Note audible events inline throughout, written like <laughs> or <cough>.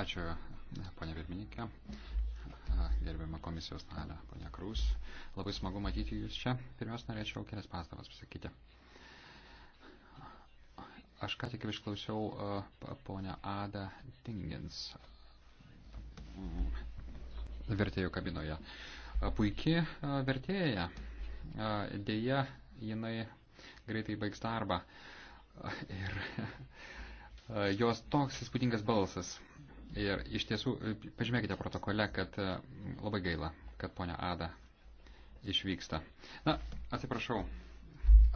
Ačiū, ponė pirmininkė, gerbiama komisijos narė, ponė Krūs. Labai smagu matyti jūs čia. Pirmiausia, norėčiau kelias pastabas pasakyti. Aš ką tik išklausiau ponę Adą Tingins mm, vertėjų kabinoje. Puiki vertėja. Deja, jinai greitai baigs darbą. Ir <laughs> jos toks įspūdingas balsas Ir iš tiesų, e, pažymėkite protokole, kad e, labai gaila, kad ponia Ada išvyksta. Na, atsiprašau,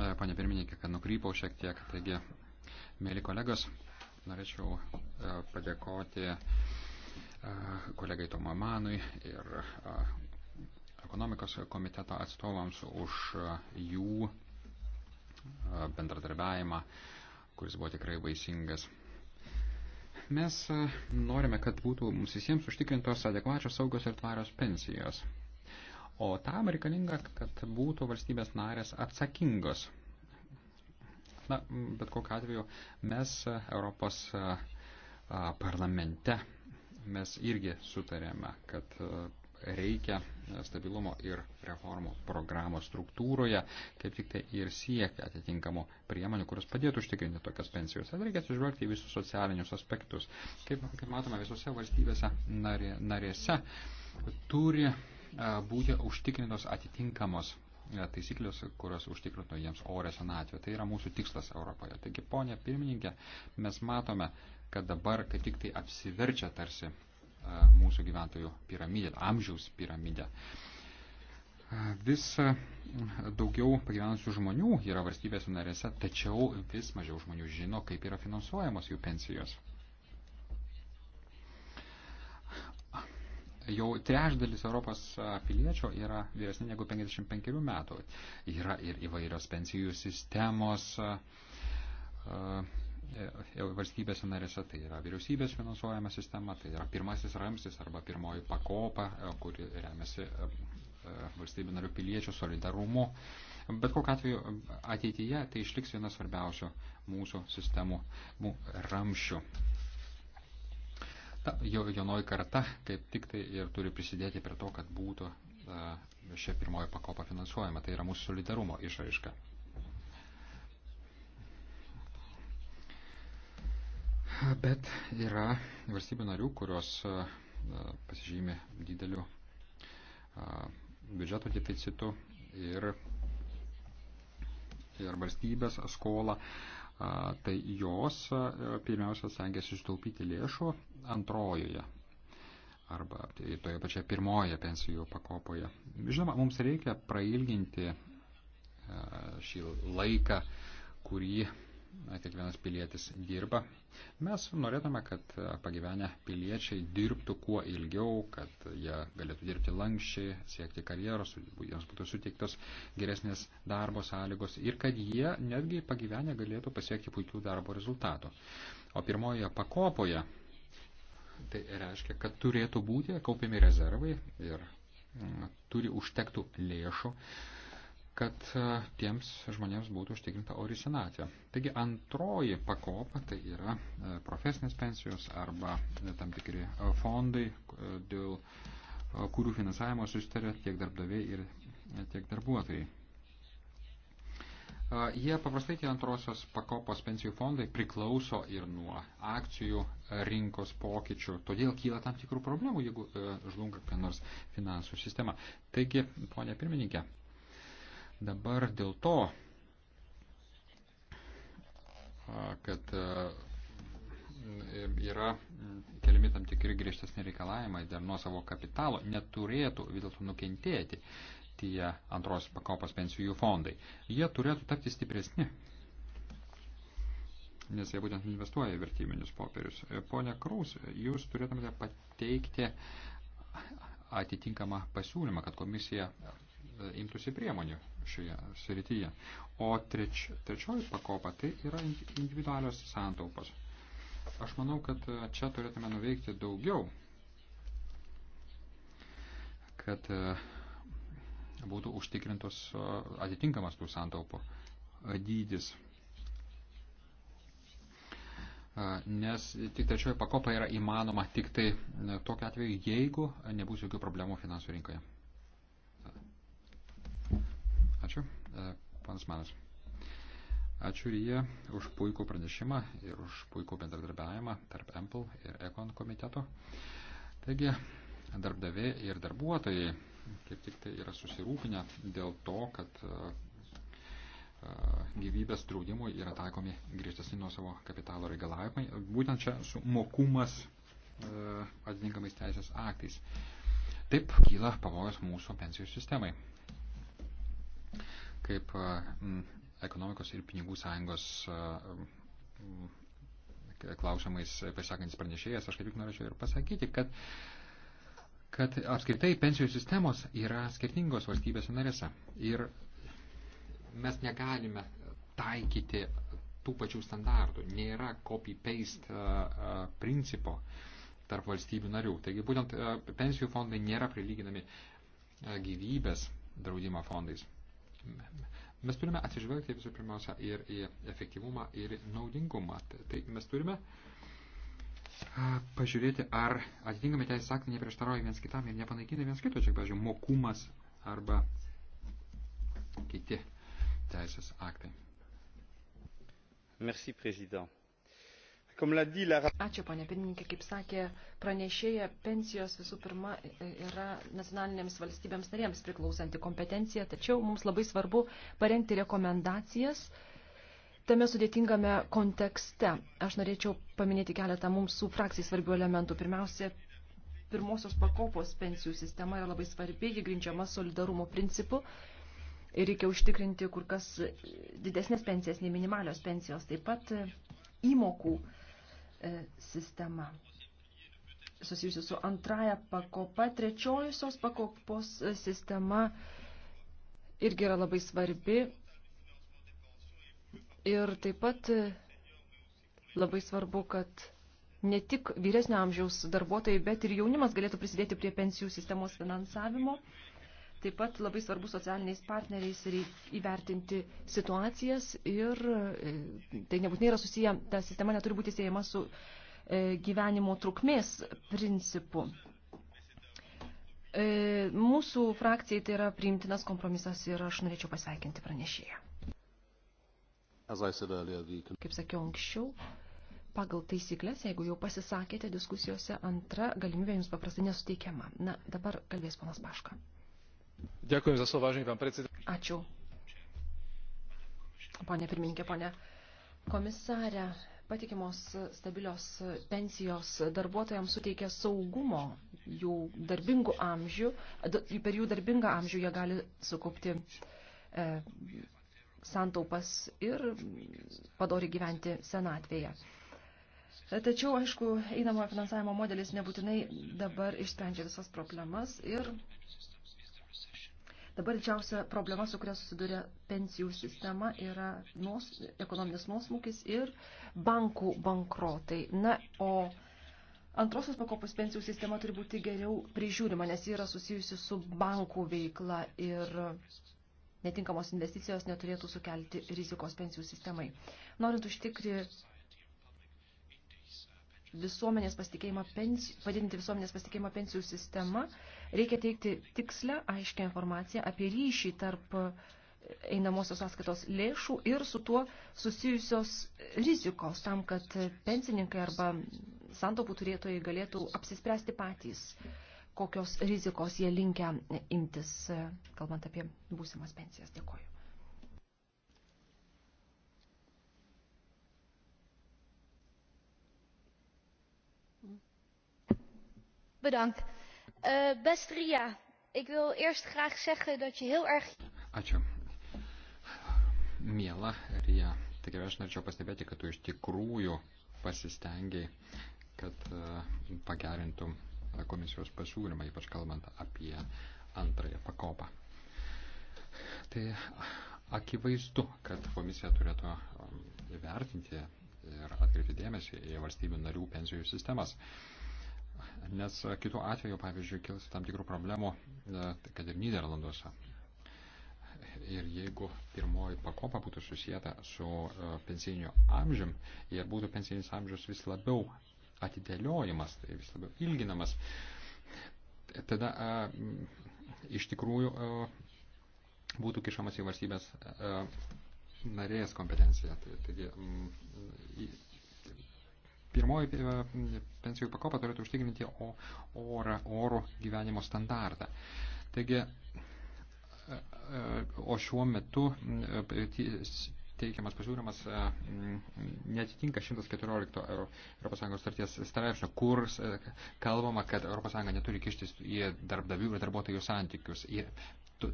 e, ponia pirmininkė, kad nukrypau šiek tiek. Taigi, mėly kolegos, norėčiau padėkoti kolegai Tomamanui ir ekonomikos komiteto atstovams už jų bendradarbiavimą, kuris buvo tikrai vaisingas. Mes e, norime, kad būtų mums visiems užtikrintos adekvačios saugos ir tvarios pensijos. O tam reikalinga, kad būtų valstybės narės atsakingos. Na, bet kokiu atveju mes e, Europos e, parlamente mes irgi sutarėme, kad reikia stabilumo ir reformų programos struktūroje, kaip tik tai ir siekia atitinkamų priemonių, kurios padėtų užtikrinti tokias pensijos. Tad reikia atsižvelgti į visus socialinius aspektus. Kaip, kaip matome, visose valstybėse narė, narėse turi a, e, būti užtikrintos atitinkamos e, taisyklės, kurios užtikrintų jiems orę senatvę. Tai yra mūsų tikslas Europoje. Taigi, ponė pirmininkė, mes matome, kad dabar, kad tik tai apsiverčia tarsi mūsų gyventojų piramidę, amžiaus piramidę. Vis daugiau pagyvenusių žmonių yra valstybės narėse, tačiau vis mažiau žmonių žino, kaip yra finansuojamos jų pensijos. Jau trešdalis Europos piliečio yra vyresni negu 55 metų. Yra ir įvairios pensijų sistemos, E, valstybėse narėse, tai yra vyriausybės finansuojama sistema, tai yra pirmasis ramstis arba pirmoji pakopa, e, kuri remiasi e, valstybių narių piliečių solidarumu. Bet kokiu atveju ateityje tai išliks vienas svarbiausių mūsų sistemų mūsų ramščių. Ta jaunoji karta kaip tik tai ir turi prisidėti prie to, kad būtų šia pirmoji pakopa finansuojama. Tai yra mūsų solidarumo išraiška. Bet yra valstybių narių, kurios e, pasižymė dideliu e, biudžeto deficitu ir, ir valstybės skolą. E, tai jos pirmiausia stengiasi ištaupyti lėšų antrojoje arba tai toje pačioje pirmoje pensijų pakopoje. Žinoma, mums reikia prailginti šį laiką, kurį kiekvienas pilietis dirba. Mes norėtume, kad e, pagyvenę piliečiai dirbtų kuo ilgiau, kad jie galėtų dirbti lankščiai, siekti karjeros, jiems būtų suteiktos geresnės darbo sąlygos ir kad jie netgi pagyvenę galėtų pasiekti puikių darbo rezultatų. O pirmoje pakopoje tai reiškia, kad turėtų būti kaupiami rezervai ir mm, turi užtektų lėšų kad e, tiems žmonėms būtų užtikrinta ori senatvė. Taigi antroji pakopa tai yra e, profesinės pensijos arba e, tam tikri fondai, dėl kurių finansavimo susitarė tiek darbdaviai ir tiek darbuotojai. Jie paprastai tie antrosios pakopos pensijų fondai priklauso ir nuo akcijų rinkos pokyčių, todėl kyla tam tikrų problemų, jeigu žlunga kokia nors finansų sistema. Taigi, ponė pirmininkė, Dabar dėl to, kad yra keliami tam tikri griežtesni reikalavimai dėl nuo savo kapitalo, neturėtų vis dėlto nukentėti tie antros pakopos pensijų fondai. Jie turėtų tapti stipresni, nes jie būtent investuoja į vertybinius popierius. E, pone Kraus, jūs turėtumėte pateikti atitinkamą pasiūlymą, kad komisija imtųsi priemonių šioje srityje. O treč, trečioji pakopa tai yra individualios santaupos. Aš manau, kad e, čia turėtume nuveikti daugiau, kad e, būtų užtikrintos e, atitinkamas tų santaupų dydis. Nes tik trečioji pakopa yra įmanoma tik tai tokia atveju, jeigu nebus jokių problemų finansų rinkoje. E, Panas Manas. Ačiū Ryje už puikų pranešimą ir už puikų bendradarbiavimą tarp Ample ir Ekon komiteto. Taigi, darbdaviai ir darbuotojai kaip tik tai yra susirūpinę dėl to, kad e, e, gyvybės draudimui yra taikomi griežtesni nuo savo kapitalo reikalavimai. Būtent čia su mokumas atitinkamais teisės aktais. Taip kyla pavojus mūsų pensijų sistemai kaip ekonomikos ir pinigų sąjungos klausimais pasakantis pranešėjas, aš kaip tik norėčiau ir pasakyti, kad, kad apskritai pensijų sistemos yra skirtingos valstybėse narėse. Ir mes negalime taikyti tų pačių standartų. Nėra copy-paste principo tarp valstybių narių. Taigi būtent pensijų fondai nėra prilyginami gyvybės draudimo fondais. Mes turime atsižvelgti visų pirmiausia ir į efektyvumą, ir į naudingumą. Tai, tai mes turime pažiūrėti, ar atitinkami teisės aktai neprieštarauja viens kitam ir nepanaikina viens kito, čia, pavyzdžiui, mokumas arba kiti teisės aktai. Merci, prezident. Ačiū, ponė pirmininkė, kaip sakė pranešėja, pensijos visų pirma yra nacionalinėms valstybėms narėms priklausanti kompetencija, tačiau mums labai svarbu parengti rekomendacijas tame sudėtingame kontekste. Aš norėčiau paminėti keletą mums su frakcijai svarbių elementų. Pirmiausia, pirmosios pakopos pensijų sistema yra labai svarbi, ji grindžiama solidarumo principu. Ir reikia užtikrinti kur kas didesnės pensijas nei minimalios pensijos. Taip pat e, įmokų uh, E, sistema susijusi su antraja pakopa. Trečiosios pakopos e, sistema irgi yra labai svarbi. Ir taip pat e, labai svarbu, kad ne tik vyresnio amžiaus darbuotojai, bet ir jaunimas galėtų prisidėti prie pensijų sistemos finansavimo. Taip pat labai svarbu socialiniais partneriais įvertinti situacijas ir e, tai nebūtinai yra susiję, ta sistema neturi būti siejama su e, gyvenimo trukmės principu. E, mūsų frakcijai tai yra priimtinas kompromisas ir aš norėčiau pasveikinti pranešėją. Kaip sakiau anksčiau, pagal taisyklės, jeigu jau pasisakėte diskusijose, antra galimybė jums paprastai nesuteikiama. Na, dabar kalbės panas Paška. Dėkuojam za savo, vážený pán predseda. Ačiū. Pone pirmininkė, pone komisarė, patikimos stabilios pensijos darbuotojams suteikia saugumo jų darbingų amžių, per jų darbingą amžių jie gali sukaupti e, santaupas ir padori gyventi senatvėje. Tačiau, aišku, einamojo finansavimo modelis nebūtinai dabar išsprendžia visas problemas ir Dabar didžiausia problema, su kuria susiduria pensijų sistema, yra nuos, ekonominis nuosmukis ir bankų bankrotai. Na, o antrosios pakopos pensijų sistema turi būti geriau prižiūrima, nes ji yra susijusi su bankų veikla ir netinkamos investicijos neturėtų sukelti rizikos pensijų sistemai. Norint užtikrinti visuomenės pasitikėjimą pensijų, padidinti visuomenės pasitikėjimą pensijų sistema, reikia teikti tikslę, aiškę informaciją apie ryšį tarp e, einamosios sąskaitos lėšų ir su tuo susijusios rizikos tam, kad pensininkai arba santaupų turėtojai galėtų apsispręsti patys, kokios rizikos jie linkia imtis, e, kalbant apie būsimas pensijas. Dėkoju. Eh, beste ria ik wil eerst graag zeggen dat je heel erg. ačiū miela ria tikrai aš norėčiau pastebėti kad tu iš tikrųjų pasistengei kad eh, pagerintum komisijos pasiūlymą ypač kalbant apie antrąją pakopą. Tai akivaizdu, kad komisija turėtų um, įvertinti ir atkreipti dėmesį į valstybių narių pensijų sistemas. Nes kitų atveju, pavyzdžiui, kils tam tikrų problemų, e, kad ir Niderlanduose. Ir jeigu pirmoji pakopa būtų susijęta su e, pensijiniu amžium ir būtų pensijinis amžius vis labiau atidėliojimas, tai vis labiau ilginamas, tada a, e, iš tikrųjų a, būtų kišamas į valstybės a, narės kompetencija. Tai, taigi, mm, pirmoji e, pensijų pakopa turėtų užtikrinti orą, oro gyvenimo standartą. Taigi, e, e, o šiuo metu mm, teikiamas pasiūlymas netitinka 114 ES starties straipsnio, kur kalbama, kad ES neturi kištis į darbdavių ir darbuotojų santykius. Ir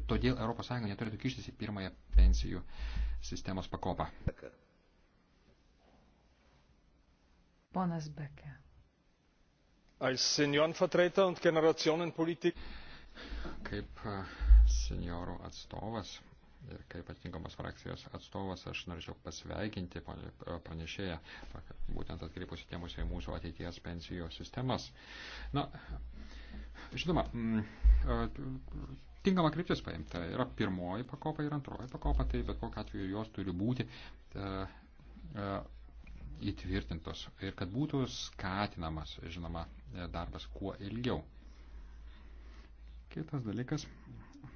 Todėl ES neturėtų kištis į pirmąją pensijų sistemos pakopą. Ponas Beke. Kaip e, seniorų atstovas ir kaip atitinkamos frakcijos atstovas aš norėčiau pasveikinti e, pranešėją, būtent atkreipusi tėmusi į mūsų ateities pensijų sistemas. Na, žinoma, e, tinkama kryptis paimta. Yra pirmoji pakopa ir antroji pakopa, tai bet kokiu atveju jos turi būti e, e, įtvirtintos ir kad būtų skatinamas, žinoma, darbas kuo ilgiau. Kitas dalykas,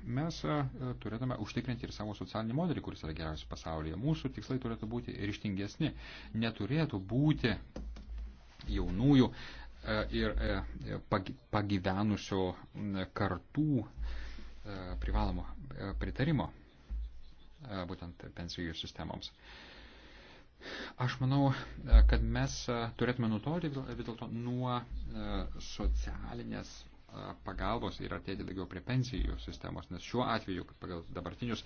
mes e, turėtume užtikrinti ir savo socialinį modelį, kuris yra geriausias pasaulyje. Mūsų tikslai turėtų būti ryštingesni, neturėtų būti jaunųjų e, ir e, pagyvenusių kartų E, privalomo e, pritarimo e, būtent pensijų sistemoms. Aš manau, kad mes turėtume nutolti vis dėlto nuo socialinės pagalbos ir artėti daugiau prie pensijų sistemos, nes šiuo atveju, pagal dabartinius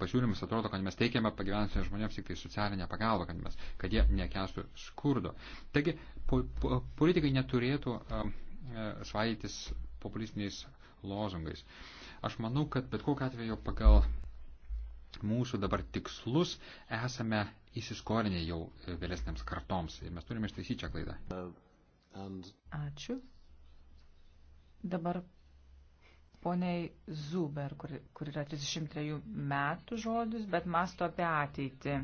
pasiūlymus, atrodo, kad mes teikiame pagyvenusiems žmonėms tik tai socialinę pagalbą, kad, mes, kad jie nekestų skurdo. Taigi, po, po, politikai neturėtų svaitis populistiniais lozungais. Aš manau, kad bet kokiu atveju pagal mūsų dabar tikslus esame įsiskolinę jau vėlesnėms kartoms ir mes turime ištaisyti čia klaidą. Ačiū. Dabar poniai Zuber, kur, kur yra 33 metų žodis, bet masto apie ateitį.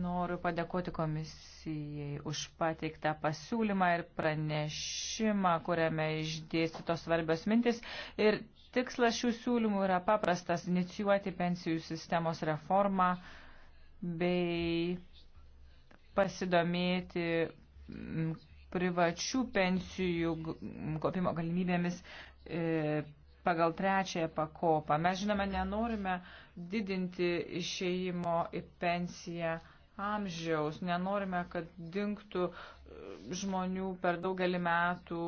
Noriu padėkoti komisijai už pateiktą pasiūlymą ir pranešimą, kuriame išdėstytos svarbios mintis. Ir tikslas šių siūlymų yra paprastas - inicijuoti pensijų sistemos reformą bei pasidomėti privačių pensijų kopimo galimybėmis e, pagal trečiąją pakopą. Mes žinome, nenorime didinti išėjimo į pensiją amžiaus, nenorime, kad dinktų e, žmonių per daugelį metų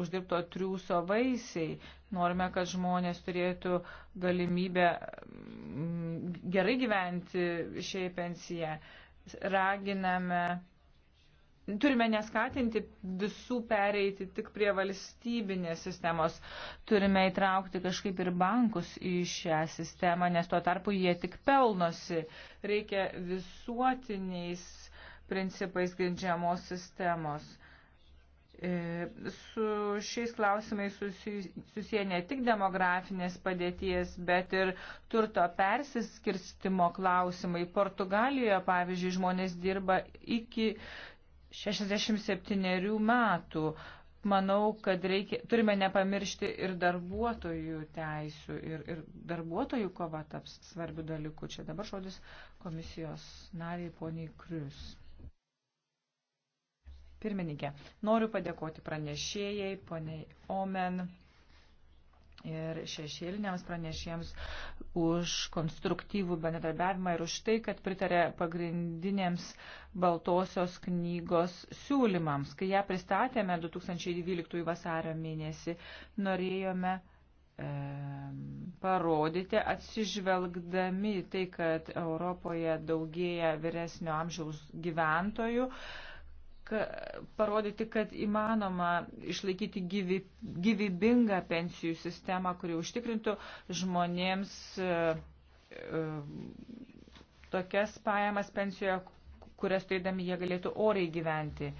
uždirbto triūso vaisiai, norime, kad žmonės turėtų galimybę mm, gerai gyventi šiai pensiją. Raginame turime neskatinti visų pereiti tik prie valstybinės sistemos. Turime įtraukti kažkaip ir bankus į šią sistemą, nes tuo tarpu jie tik pelnosi. Reikia visuotiniais principais grindžiamos sistemos. E, su šiais klausimais susiję ne tik demografinės padėties, bet ir turto persiskirstimo klausimai. Portugalijoje, pavyzdžiui, žmonės dirba iki 67 metų. Manau, kad reikia, turime nepamiršti ir darbuotojų teisų, ir, ir darbuotojų kova taps svarbių dalykų. Čia dabar žodis komisijos nariai poniai Krius. Pirmininkė, noriu padėkoti pranešėjai, poniai Omen ir šešėliniams pranešėjams už konstruktyvų bendradarbiavimą ir už tai, kad pritarė pagrindinėms Baltosios knygos siūlymams. Kai ją pristatėme 2012 vasario mėnesį, norėjome e, parodyti, atsižvelgdami tai, kad Europoje daugėja vyresnio amžiaus gyventojų, e, ka, parodyti, kad įmanoma išlaikyti gyvi, gyvybingą pensijų sistemą, kuri užtikrintų žmonėms e, e, tokias pajamas pensijoje, kurias turėdami jie galėtų oriai gyventi.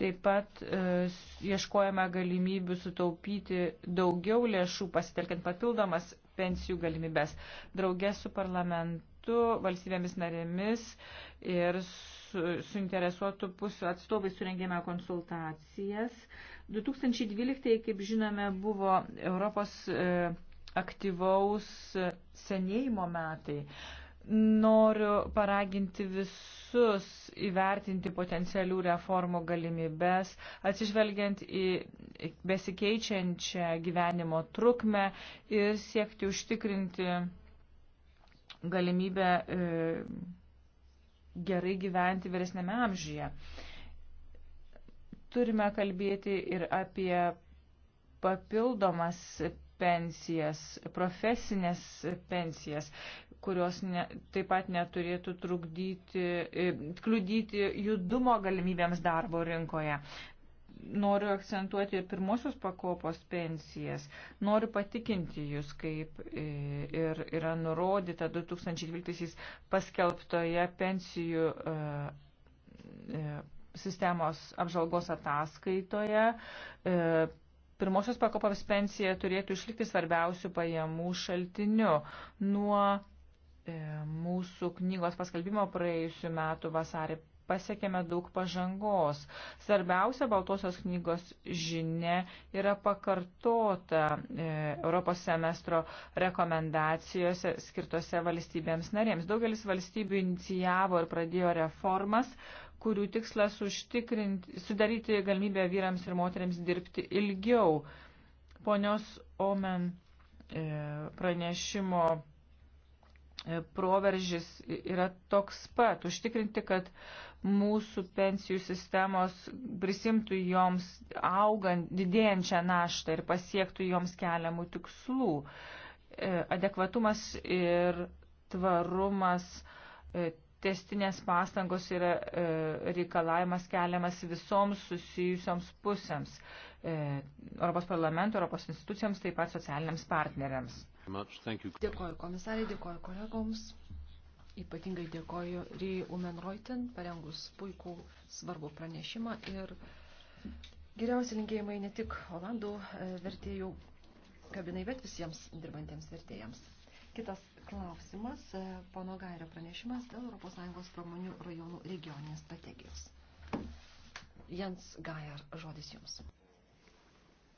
Taip pat e, ieškojame galimybių sutaupyti daugiau lėšų, pasitelkiant papildomas pensijų galimybės. Draugė su parlamentu kartu valstybėmis narėmis ir su, suinteresuotų pusių atstovai surengėme konsultacijas. 2012, kaip žinome, buvo Europos e, aktyvaus senėjimo metai. Noriu paraginti visus įvertinti potencialių reformų galimybės, atsižvelgiant į besikeičiančią gyvenimo trukmę ir siekti užtikrinti galimybę e, gerai gyventi vyresnėme amžyje. Turime kalbėti ir apie papildomas pensijas, profesinės pensijas, kurios ne, taip pat neturėtų trukdyti, e, kliudyti judumo galimybėms darbo rinkoje noriu akcentuoti ir pirmosios pakopos pensijas. Noriu patikinti Jūs, kaip e, ir yra nurodyta 2012 paskelbtoje pensijų e, e, sistemos apžalgos ataskaitoje. Pirmosios pakopos pensija turėtų išlikti svarbiausių pajamų šaltiniu nuo mūsų knygos paskelbimo praėjusiu metu vasarį pasiekėme daug pažangos. Svarbiausia Baltosios knygos žinia yra pakartota e, Europos semestro rekomendacijose skirtose valstybėms narėms. Daugelis valstybių inicijavo ir pradėjo reformas kurių tikslas sudaryti galimybę vyrams ir moteriams dirbti ilgiau. Ponios Omen e, pranešimo e, proveržis yra toks pat, užtikrinti, kad mūsų pensijų sistemos prisimtų joms augant, didėjančią naštą ir pasiektų joms keliamų tikslų. E, adekvatumas ir tvarumas, e, testinės pastangos yra e, reikalavimas keliamas visoms susijusioms pusėms. Europos parlamento, Europos institucijoms, taip pat socialiniams partneriams. Dėkoju komisariai, dėkoju kolegoms. Ypatingai dėkoju Rijai Umenroitin, parengus puikų svarbų pranešimą ir geriausi linkėjimai ne tik Olandų e, vertėjų kabinai, bet visiems dirbantiems vertėjams. Kitas klausimas, e, pono Gairio pranešimas dėl ES pramonių rajonų regioninės strategijos. Jens Gajer, žodis jums.